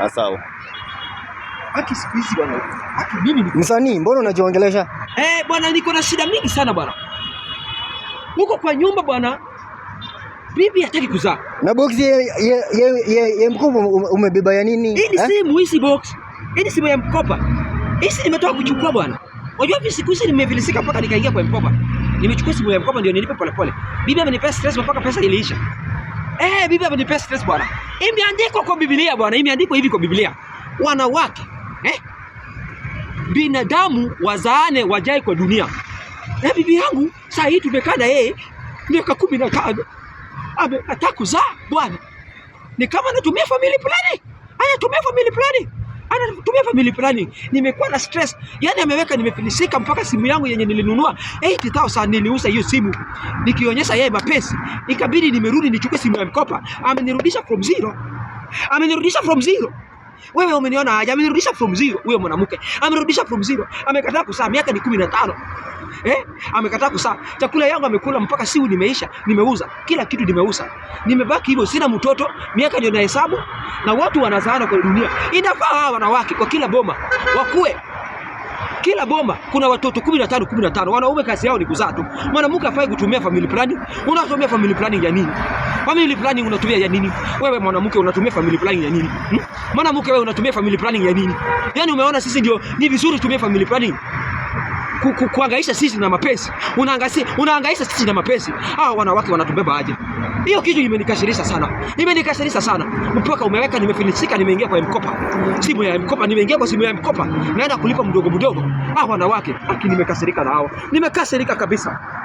Ah, sawa. Aki siku hizi bwana. Aki mimi ni msanii, mbona unajiongelesha? Eh, bwana niko na shida mingi sana bwana. Huko kwa nyumba bwana. Bibi hataki kuzaa. Na box ye ye ye, ye mkopo umebeba ya nini? Hii eh? simu hizi box. Hii simu ya mkopa. Hii nimetoka kuchukua bwana. Unajua hivi siku hizi nimevilisika mpaka nikaingia kwa mkopa. Nimechukua simu ya mkopa ndio nilipe polepole. Bibi amenipa stress mpaka pesa iliisha. Eh, bibi amenipa stress bwana. Imeandikwa kwa Biblia bwana, imeandikwa hivi kwa Biblia, wanawake eh? binadamu wazaane wajae kwa dunia. Na bibi yangu saa hii tumekaa na yeye miaka kumi na tano amekataa kuzaa bwana, ni kama anatumia family planning, anatumia family planning nimefanya family planning, nimekuwa na stress. Yani ameweka nimefilisika mpaka simu yangu yenye nilinunua 80000 niliuza hiyo simu. Nikionyesha yeye mapesi ikabidi nimerudi nichukue simu ya mkopa. Amenirudisha from zero. Amenirudisha from zero. Wewe umeniona aje? Amenirudisha from zero huyo mwanamke. Amerudisha from zero. Amekataa kusaa miaka ni 15. Eh? Amekataa kusaa. Chakula yangu amekula mpaka siku nimeisha, nimeuza. Kila kitu nimeuza. Nimebaki hivyo sina mtoto, miaka ndio nahesabu na watu wanazaana kwa dunia. Inafaa hawa wanawake kwa kila boma wakue kila boma kuna watoto 15 15. Wanaume kazi yao ni kuzaa tu. Mwanamke afai kutumia family planning. Unatumia family planning ya nini? Family planning unatumia ya nini? Wewe mwanamke unatumia family planning ya nini? Hmm? Mwanamke wewe unatumia family planning ya nini? Yaani umeona sisi ndio ni vizuri tumie family planning. Ku, kuangaisha sisi na mapesi. Unaangaisha unaangaisha sisi na mapesi. Hao wanawake wanatubeba aje? Hiyo kitu imenikashirisha sana. Imenikashirisha sana. Mpaka umeweka nimefilisika nimeingia kwa mkopa. Simu ya mkopa nimeingia kwa simu ya mkopa. Naenda kulipa mdogo mdogo. Hao wanawake, aki nimekasirika na hao. Nimekasirika kabisa.